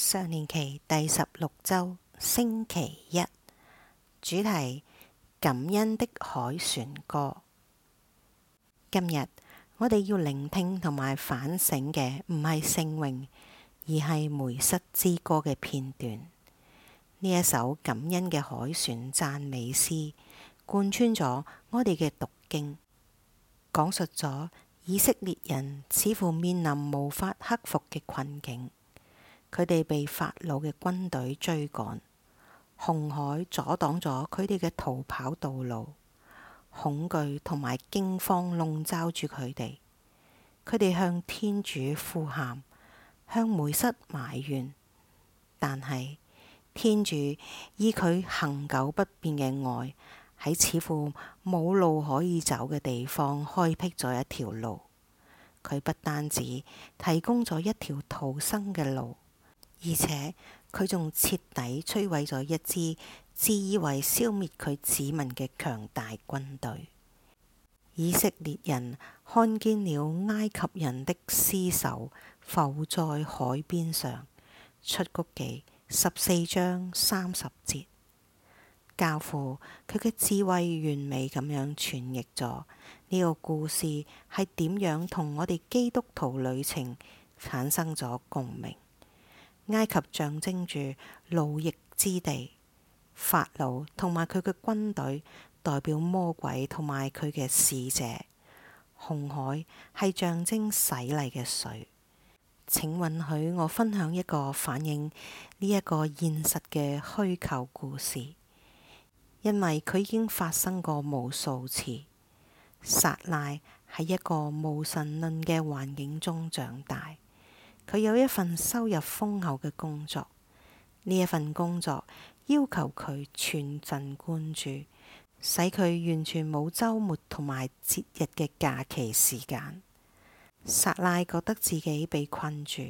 常年期第十六周星期一，主題感恩的凱旋歌。今日我哋要聆聽同埋反省嘅唔係聖詠，而係梅瑟之歌嘅片段。呢一首感恩嘅凱旋讚美詩，貫穿咗我哋嘅讀經，講述咗以色列人似乎面臨無法克服嘅困境。佢哋被法老嘅軍隊追趕，紅海阻擋咗佢哋嘅逃跑道路，恐懼同埋驚慌籠罩住佢哋。佢哋向天主呼喊，向梅瑟埋怨，但係天主以佢恆久不變嘅愛，喺似乎冇路可以走嘅地方開闢咗一條路。佢不單止提供咗一條逃生嘅路。而且佢仲徹底摧毀咗一支自以為消滅佢子民嘅強大軍隊。以色列人看見了埃及人的屍首浮在海邊上。出谷記十四章三十節。教父佢嘅智慧完美咁樣詮釋咗呢個故事係點樣同我哋基督徒旅程產生咗共鳴。埃及象徵住奴役之地，法老同埋佢嘅軍隊代表魔鬼，同埋佢嘅使者。紅海係象徵洗禮嘅水。請允許我分享一個反映呢一個現實嘅虛構故事，因為佢已經發生過無數次。撒拉喺一個無神論嘅環境中長大。佢有一份收入豐厚嘅工作，呢一份工作要求佢全神貫注，使佢完全冇周末同埋節日嘅假期時間。撒拉覺得自己被困住，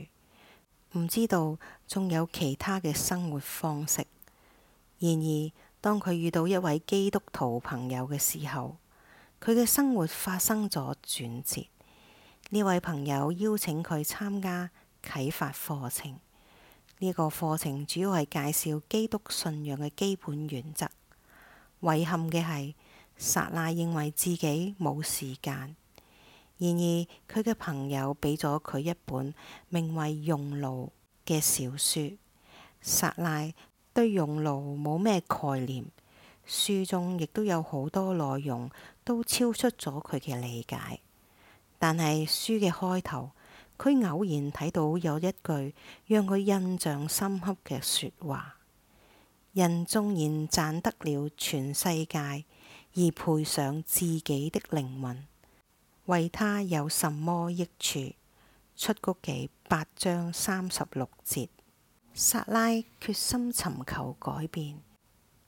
唔知道，仲有其他嘅生活方式。然而，當佢遇到一位基督徒朋友嘅時候，佢嘅生活發生咗轉折。呢位朋友邀請佢參加。啟發課程呢，這個課程主要係介紹基督信仰嘅基本原則。遺憾嘅係，撒拉認為自己冇時間。然而，佢嘅朋友俾咗佢一本名為《熔爐》嘅小說。撒拉對《熔爐》冇咩概念，書中亦都有好多內容都超出咗佢嘅理解。但係書嘅開頭。佢偶然睇到有一句，讓佢印象深刻嘅説話：人縱然賺得了全世界，而賠上自己的靈魂，為他有什麼益處？出谷紀八章三十六節。撒拉決心尋求改變，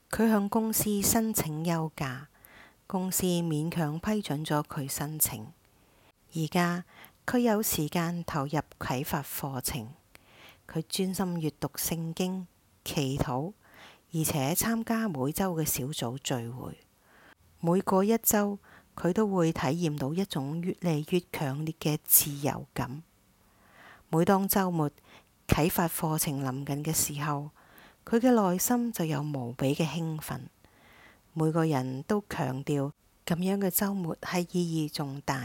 佢向公司申請休假，公司勉強批准咗佢申請。而家。佢有時間投入啟發課程，佢專心閱讀聖經、祈禱，而且參加每周嘅小組聚會。每過一周，佢都會體驗到一種越嚟越強烈嘅自由感。每當周末啟發課程臨近嘅時候，佢嘅內心就有無比嘅興奮。每個人都強調咁樣嘅周末係意義重大，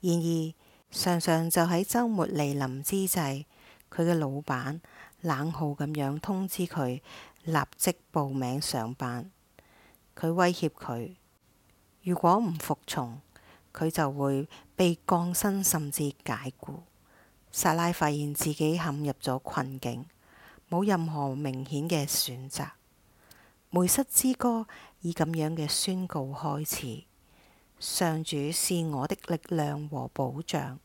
然而。常常就喺周末嚟臨之際，佢嘅老闆冷酷咁樣通知佢立即報名上班。佢威脅佢，如果唔服從，佢就會被降薪甚至解雇。撒拉發現自己陷入咗困境，冇任何明顯嘅選擇。梅瑟之歌以咁樣嘅宣告開始。上主是我的力量和保障，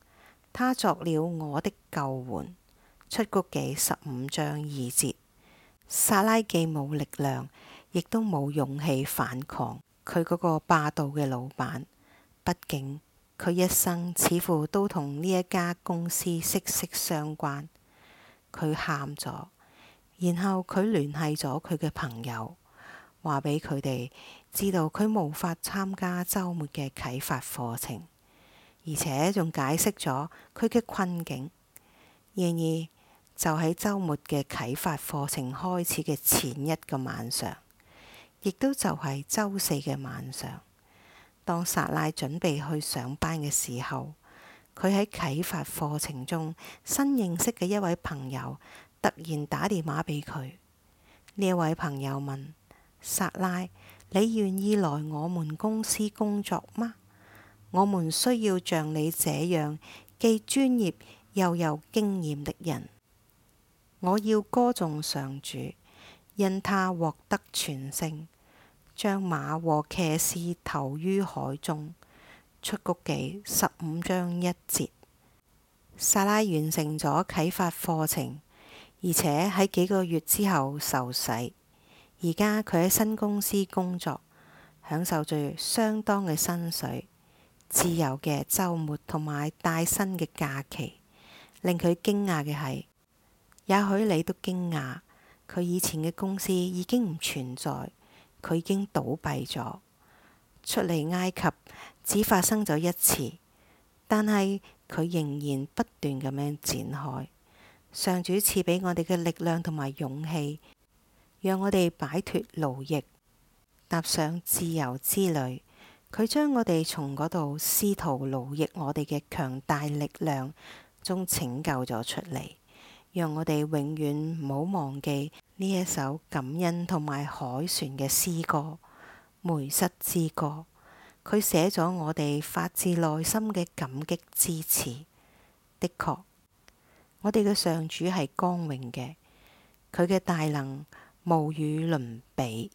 他作了我的救援。出谷記十五章二節。薩拉既冇力量，亦都冇勇氣反抗佢嗰個霸道嘅老闆。畢竟佢一生似乎都同呢一家公司息息相關。佢喊咗，然後佢聯繫咗佢嘅朋友，話俾佢哋，知道佢無法參加週末嘅啟發課程，而且仲解釋咗佢嘅困境。然而，就喺週末嘅啟發課程開始嘅前一個晚上，亦都就係周四嘅晚上，當撒拉準備去上班嘅時候，佢喺啟發課程中新認識嘅一位朋友突然打電話俾佢。呢位朋友問撒拉。你願意來我們公司工作嗎？我們需要像你這樣既專業又有經驗的人。我要歌頌上主，因他獲得全勝，將馬和騎士投於海中。出谷記十五章一節。撒拉完成咗啟發課程，而且喺幾個月之後受洗。而家佢喺新公司工作，享受住相當嘅薪水、自由嘅周末同埋帶薪嘅假期。令佢驚訝嘅係，也許你都驚訝，佢以前嘅公司已經唔存在，佢已經倒閉咗。出離埃及只發生咗一次，但係佢仍然不斷咁樣展開。上主賜俾我哋嘅力量同埋勇氣。讓我哋擺脫奴役，踏上自由之旅。佢將我哋從嗰度試圖奴役我哋嘅強大力量中拯救咗出嚟，讓我哋永遠唔好忘記呢一首感恩同埋凱旋嘅詩歌《梅瑟之歌》。佢寫咗我哋發自內心嘅感激之詞。的確，我哋嘅上主係光榮嘅，佢嘅大能，無與倫比。